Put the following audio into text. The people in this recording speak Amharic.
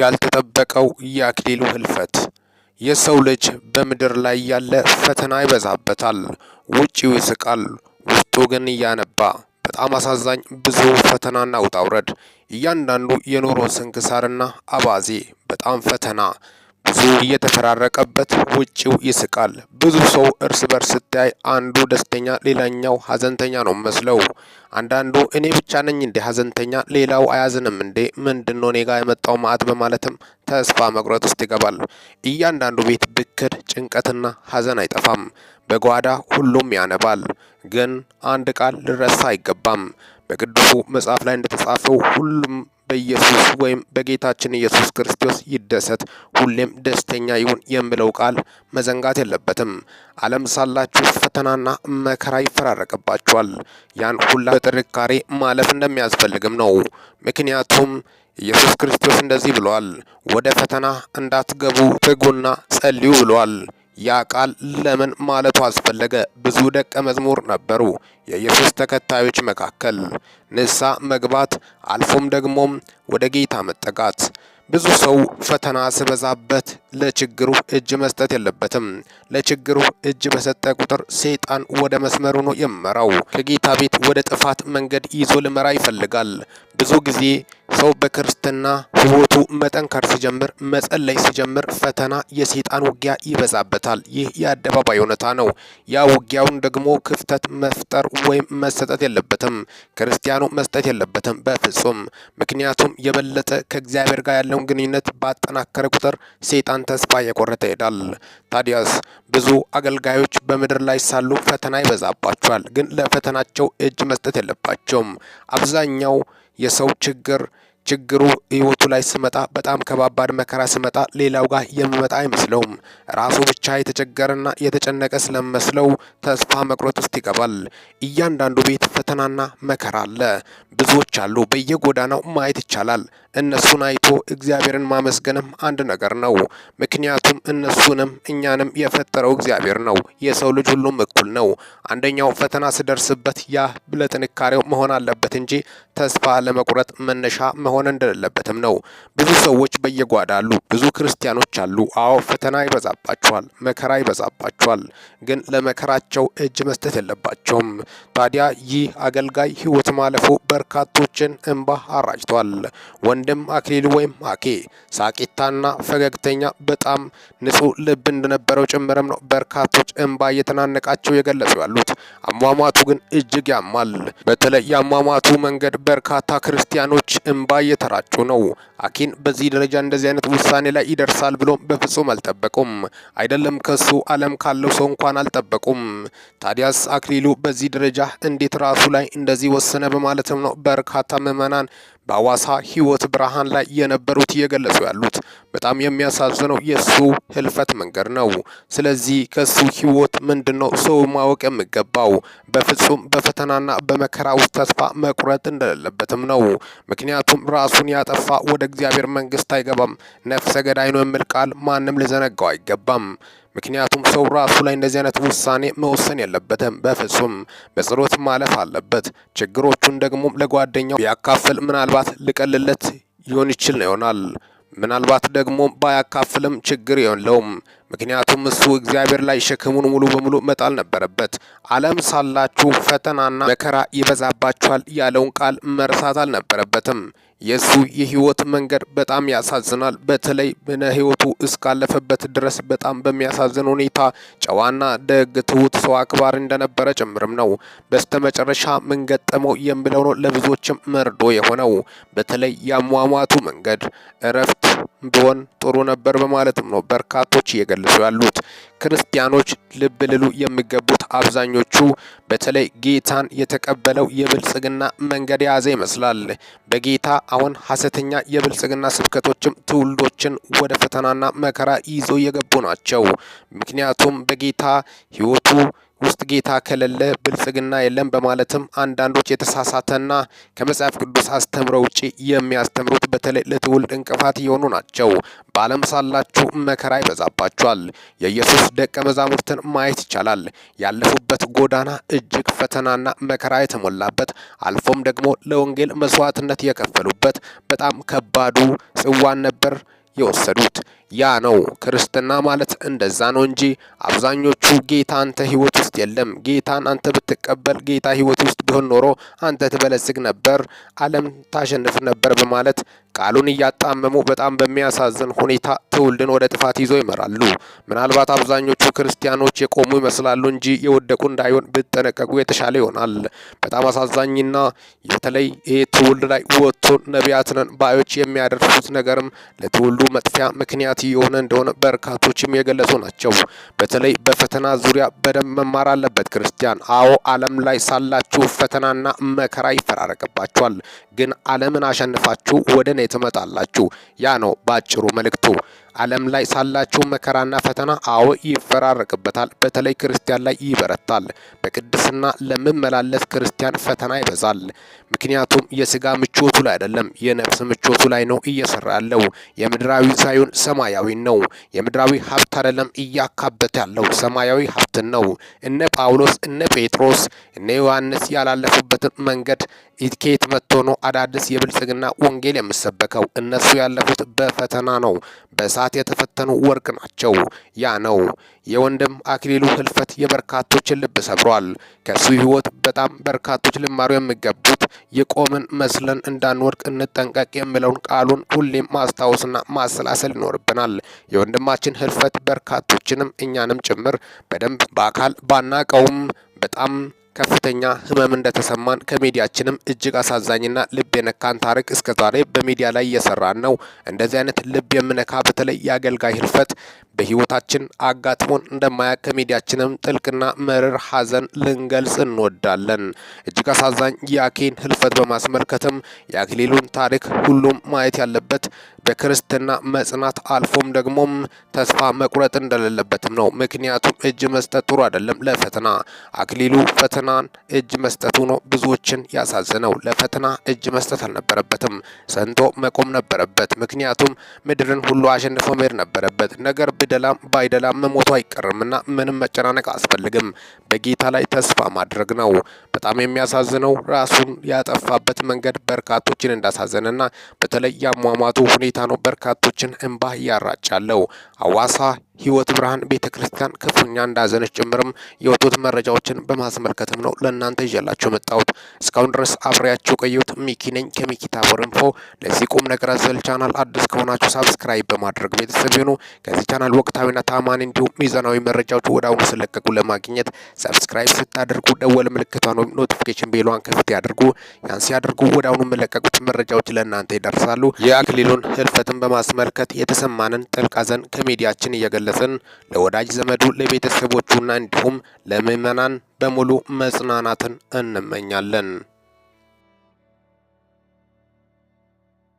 ያልተጠበቀው የአክሊሉ ህልፈት የሰው ልጅ በምድር ላይ ያለ ፈተና ይበዛበታል። ውጪው ይስቃል፣ ውስጡ ግን እያነባ በጣም አሳዛኝ ብዙ ፈተናና ውጣውረድ፣ እያንዳንዱ የኑሮ ስንክሳርና አባዜ በጣም ፈተና ብዙ እየተፈራረቀበት ውጪው ይስቃል። ብዙ ሰው እርስ በርስ ስታይ አንዱ ደስተኛ ሌላኛው ሀዘንተኛ ነው መስለው። አንዳንዱ እኔ ብቻ ነኝ እንዴ ሀዘንተኛ ሌላው አያዝንም እንዴ ምንድን ነው እኔ ጋ የመጣው መዓት በማለትም ተስፋ መቁረጥ ውስጥ ይገባል። እያንዳንዱ ቤት ብክር፣ ጭንቀትና ሀዘን አይጠፋም። በጓዳ ሁሉም ያነባል። ግን አንድ ቃል ልረሳ አይገባም። በቅዱሱ መጽሐፍ ላይ እንደተጻፈው ሁሉም በኢየሱስ ወይም በጌታችን ኢየሱስ ክርስቶስ ይደሰት፣ ሁሌም ደስተኛ ይሁን የምለው ቃል መዘንጋት የለበትም። ዓለም ሳላችሁ ፈተናና መከራ ይፈራረቅባችኋል። ያን ሁላ በጥንካሬ ማለፍ እንደሚያስፈልግም ነው። ምክንያቱም ኢየሱስ ክርስቶስ እንደዚህ ብሏል፣ ወደ ፈተና እንዳትገቡ ትጉና ጸልዩ ብሏል። ያ ቃል ለምን ማለቱ አስፈለገ? ብዙ ደቀ መዝሙር ነበሩ የኢየሱስ ተከታዮች መካከል ንሳ መግባት አልፎም ደግሞም ወደ ጌታ መጠጋት ብዙ ሰው ፈተና ስበዛበት ለችግሩ እጅ መስጠት የለበትም። ለችግሩ እጅ በሰጠ ቁጥር ሰይጣን ወደ መስመሩ ነው የመራው። ከጌታ ቤት ወደ ጥፋት መንገድ ይዞ ልመራ ይፈልጋል። ብዙ ጊዜ ሰው በክርስትና ሕይወቱ መጠንከር ሲጀምር፣ መጸለይ ሲጀምር ፈተና የሰይጣን ውጊያ ይበዛበታል። ይህ የአደባባይ እውነታ ነው። ያ ውጊያውን ደግሞ ክፍተት መፍጠር ወይም መሰጠት የለበትም። ክርስቲያኑ መስጠት የለበትም በፍጹም። ምክንያቱም የበለጠ ከእግዚአብሔር ጋር ያለውን ግንኙነት ባጠናከረ ቁጥር ሰይጣን ተስፋ እየቆረጠ ይሄዳል። ታዲያስ ብዙ አገልጋዮች በምድር ላይ ሳሉ ፈተና ይበዛባቸዋል፣ ግን ለፈተናቸው እጅ መስጠት የለባቸውም። አብዛኛው የሰው ችግር ችግሩ ህይወቱ ላይ ስመጣ በጣም ከባባድ መከራ ስመጣ ሌላው ጋር የሚመጣ አይመስለውም። ራሱ ብቻ የተቸገረና የተጨነቀ ስለሚመስለው ተስፋ መቁረጥ ውስጥ ይገባል። እያንዳንዱ ቤት ፈተናና መከራ አለ። ብዙዎች አሉ፣ በየጎዳናው ማየት ይቻላል። እነሱን አይቶ እግዚአብሔርን ማመስገንም አንድ ነገር ነው። ምክንያቱም እነሱንም እኛንም የፈጠረው እግዚአብሔር ነው። የሰው ልጅ ሁሉም እኩል ነው። አንደኛው ፈተና ስደርስበት ያ ለጥንካሬው መሆን አለበት እንጂ ተስፋ ለመቁረጥ መነሻ መሆን መሆን እንደሌለበትም ነው። ብዙ ሰዎች በየጓዳ አሉ፣ ብዙ ክርስቲያኖች አሉ። አዎ ፈተና ይበዛባቸዋል፣ መከራ ይበዛባቸዋል። ግን ለመከራቸው እጅ መስጠት የለባቸውም። ታዲያ ይህ አገልጋይ ህይወት ማለፉ በርካቶችን እንባ አራጭቷል። ወንድም አክሊል ወይም አኬ ሳቂታና ፈገግተኛ በጣም ንጹህ ልብ እንደነበረው ጭምርም ነው በርካቶች እንባ እየተናነቃቸው የገለጹ ያሉት። አሟሟቱ ግን እጅግ ያማል። በተለይ የአሟሟቱ መንገድ በርካታ ክርስቲያኖች እንባ እየተራጩ ነው። አኪን በዚህ ደረጃ እንደዚህ አይነት ውሳኔ ላይ ይደርሳል ብሎ በፍጹም አልጠበቁም። አይደለም ከሱ ዓለም ካለው ሰው እንኳን አልጠበቁም። ታዲያስ አክሊሉ በዚህ ደረጃ እንዴት ራሱ ላይ እንደዚህ ወሰነ? በማለትም ነው በርካታ ምዕመናን በአዋሳ ህይወት ብርሃን ላይ የነበሩት እየገለጹ ያሉት። በጣም የሚያሳዝነው የእሱ ህልፈት መንገድ ነው። ስለዚህ ከሱ ህይወት ምንድን ነው ሰው ማወቅ የሚገባው? በፍጹም በፈተናና በመከራ ውስጥ ተስፋ መቁረጥ እንደሌለበትም ነው። ምክንያቱም ራሱን ያጠፋ ወደ እግዚአብሔር መንግስት አይገባም። ነፍሰ ገዳይ ነው የሚል ቃል ማንም ልዘነጋው አይገባም። ምክንያቱም ሰው ራሱ ላይ እንደዚህ አይነት ውሳኔ መወሰን የለበትም፣ በፍጹም በጸሎት ማለፍ አለበት። ችግሮቹን ደግሞ ለጓደኛው ቢያካፍል ምናልባት ልቀልለት ሊሆን ይችል ነው ይሆናል። ምናልባት ደግሞ ባያካፍልም ችግር የለውም። ምክንያቱም እሱ እግዚአብሔር ላይ ሸክሙን ሙሉ በሙሉ መጣል ነበረበት። ዓለም ሳላችሁ ፈተናና መከራ ይበዛባችኋል ያለውን ቃል መርሳት አልነበረበትም። የእሱ የህይወት መንገድ በጣም ያሳዝናል። በተለይ ብነ ህይወቱ እስካለፈበት ድረስ በጣም በሚያሳዝን ሁኔታ ጨዋና ደግ፣ ትሁት ሰው አክባሪ እንደነበረ ጭምርም ነው። በስተመጨረሻ ምን ገጠመው የሚለው ነው ለብዙዎችም መርዶ የሆነው። በተለይ ያሟሟቱ መንገድ እረፍት ቢሆን ጥሩ ነበር በማለትም ነው በርካቶች እየገለጹ ያሉት። ክርስቲያኖች ልብ ልሉ የሚገቡት አብዛኞቹ በተለይ ጌታን የተቀበለው የብልጽግና መንገድ የያዘ ይመስላል። በጌታ አሁን ሀሰተኛ የብልጽግና ስብከቶችም ትውልዶችን ወደ ፈተናና መከራ ይዘው የገቡ ናቸው። ምክንያቱም በጌታ ሕይወቱ ውስጥ ጌታ ከሌለ ብልጽግና የለም በማለትም አንዳንዶች የተሳሳተና ከመጽሐፍ ቅዱስ አስተምሮ ውጪ የሚያስተምሩት በተለይ ለትውልድ እንቅፋት የሆኑ ናቸው። በዓለም ሳላችሁ መከራ ይበዛባችኋል። የኢየሱስ ደቀ መዛሙርትን ማየት ይቻላል። ያለፉበት ጎዳና እጅግ ፈተናና መከራ የተሞላበት አልፎም ደግሞ ለወንጌል መስዋዕትነት የከፈሉበት በጣም ከባዱ ጽዋን ነበር የወሰዱት ያ ነው ክርስትና ማለት እንደዛ ነው እንጂ አብዛኞቹ ጌታ አንተ ህይወት ውስጥ የለም። ጌታን አንተ ብትቀበል ጌታ ህይወት ውስጥ ቢሆን ኖሮ አንተ ትበለጽግ ነበር፣ ዓለም ታሸንፍ ነበር በማለት ቃሉን እያጣመሙ በጣም በሚያሳዝን ሁኔታ ትውልድን ወደ ጥፋት ይዞ ይመራሉ። ምናልባት አብዛኞቹ ክርስቲያኖች የቆሙ ይመስላሉ እንጂ የወደቁ እንዳይሆን ብጠነቀቁ የተሻለ ይሆናል። በጣም አሳዛኝና በተለይ ይህ ትውልድ ላይ ወጥቶ ነቢያትን ባዮች የሚያደርሱት ነገርም ለትውልዱ መጥፊያ ምክንያት አስፈላጊ የሆነ እንደሆነ በርካቶችም የገለጹ ናቸው። በተለይ በፈተና ዙሪያ በደንብ መማር አለበት ክርስቲያን። አዎ ዓለም ላይ ሳላችሁ ፈተናና መከራ ይፈራረቅባችኋል፣ ግን ዓለምን አሸንፋችሁ ወደ እኔ ትመጣላችሁ። ያ ነው በአጭሩ መልእክቱ። ዓለም ላይ ሳላችሁ መከራና ፈተና አዎ ይፈራረቅበታል። በተለይ ክርስቲያን ላይ ይበረታል። በቅድስና ለምመላለስ ክርስቲያን ፈተና ይበዛል። ምክንያቱም የስጋ ምቾቱ ላይ አይደለም፣ የነፍስ ምቾቱ ላይ ነው እየሰራ ያለው። የምድራዊ ሳይሆን ሰማያዊ ነው። የምድራዊ ሀብት አይደለም እያካበተ ያለው ሰማያዊ ሀብትን ነው። እነ ጳውሎስ እነ ጴጥሮስ እነ ዮሐንስ ያላለፉበትን መንገድ ኢትኬት መጥቶ ነው አዳዲስ የብልጽግና ወንጌል የምሰበከው? እነሱ ያለፉት በፈተና ነው በሳ በስርዓት የተፈተኑ ወርቅ ናቸው። ያ ነው የወንድም አክሊሉ ህልፈት የበርካቶችን ልብ ሰብሯል። ከሱ ህይወት በጣም በርካቶች ልማሩ የሚገቡት የቆምን መስለን እንዳንወድቅ እንጠንቀቅ የሚለውን ቃሉን ሁሌም ማስታወስና ማሰላሰል ይኖርብናል። የወንድማችን ህልፈት በርካቶችንም እኛንም ጭምር በደንብ በአካል ባናቀውም በጣም ከፍተኛ ህመም እንደተሰማን ከሚዲያችንም እጅግ አሳዛኝና ልብ የነካን ታሪክ እስከ ዛሬ በሚዲያ ላይ እየሰራን ነው። እንደዚህ አይነት ልብ የምነካ በተለይ የአገልጋይ ህልፈት በህይወታችን አጋጥሞን እንደማያ ከሚዲያችንም ጥልቅና መርር ሀዘን ልንገልጽ እንወዳለን። እጅግ አሳዛኝ የአኬን ህልፈት በማስመልከትም የአክሊሉን ታሪክ ሁሉም ማየት ያለበት በክርስትና መጽናት አልፎም ደግሞም ተስፋ መቁረጥ እንደሌለበትም ነው። ምክንያቱም እጅ መስጠት ጥሩ አይደለም ለፈተና። አክሊሉ ፈተናን እጅ መስጠቱ ነው ብዙዎችን ያሳዝነው። ለፈተና እጅ መስጠት አልነበረበትም፣ ሰንቶ መቆም ነበረበት። ምክንያቱም ምድርን ሁሉ አሸንፎ መሄድ ነበረበት ነገር ብደላም ባይደላም መሞቱ አይቀርምና ምንም መጨናነቅ አያስፈልግም። በጌታ ላይ ተስፋ ማድረግ ነው። በጣም የሚያሳዝነው ራሱን ያጠፋበት መንገድ በርካቶችን እንዳሳዘነና በተለይ ያሟሟቱ ሁኔታ ነው በርካቶችን እንባ ያራጫለው። አዋሳ ህይወት ብርሃን ቤተ ክርስቲያን ክፉኛ እንዳዘነች ጭምርም የወጡት መረጃዎችን በማስመልከትም ነው ለእናንተ ይዤላችሁ መጣሁት። እስካሁን ድረስ አብሬያችሁ ቆየሁት። ሚኪ ነኝ ከሚኪ ታቦር ኢንፎ። ለዚህ ቁም ነገር አዘል ቻናል አዲስ ከሆናችሁ ሳብስክራይብ በማድረግ ቤተሰብ ይሁኑ። ከዚህ ቻናል ወቅታዊና ታማኒ እንዲሁም ሚዛናዊ መረጃዎች ወደ አሁኑ ስለቀቁ ለማግኘት ሰብስክራይብ ስታደርጉ ደወል ምልክቷን ወይም ኖቲፊኬሽን ቤሏን ክፍት ያድርጉ። ያን ሲያደርጉ ወደ አሁኑ የሚለቀቁት መረጃዎች ለእናንተ ይደርሳሉ። የአክሊሉን ህልፈትን በማስመልከት የተሰማንን ጥልቅ ሐዘን ከሚዲያችን እየገለ መመለስን ለወዳጅ ዘመዱ ለቤተሰቦቹና እንዲሁም ለምዕመናን በሙሉ መጽናናትን እንመኛለን።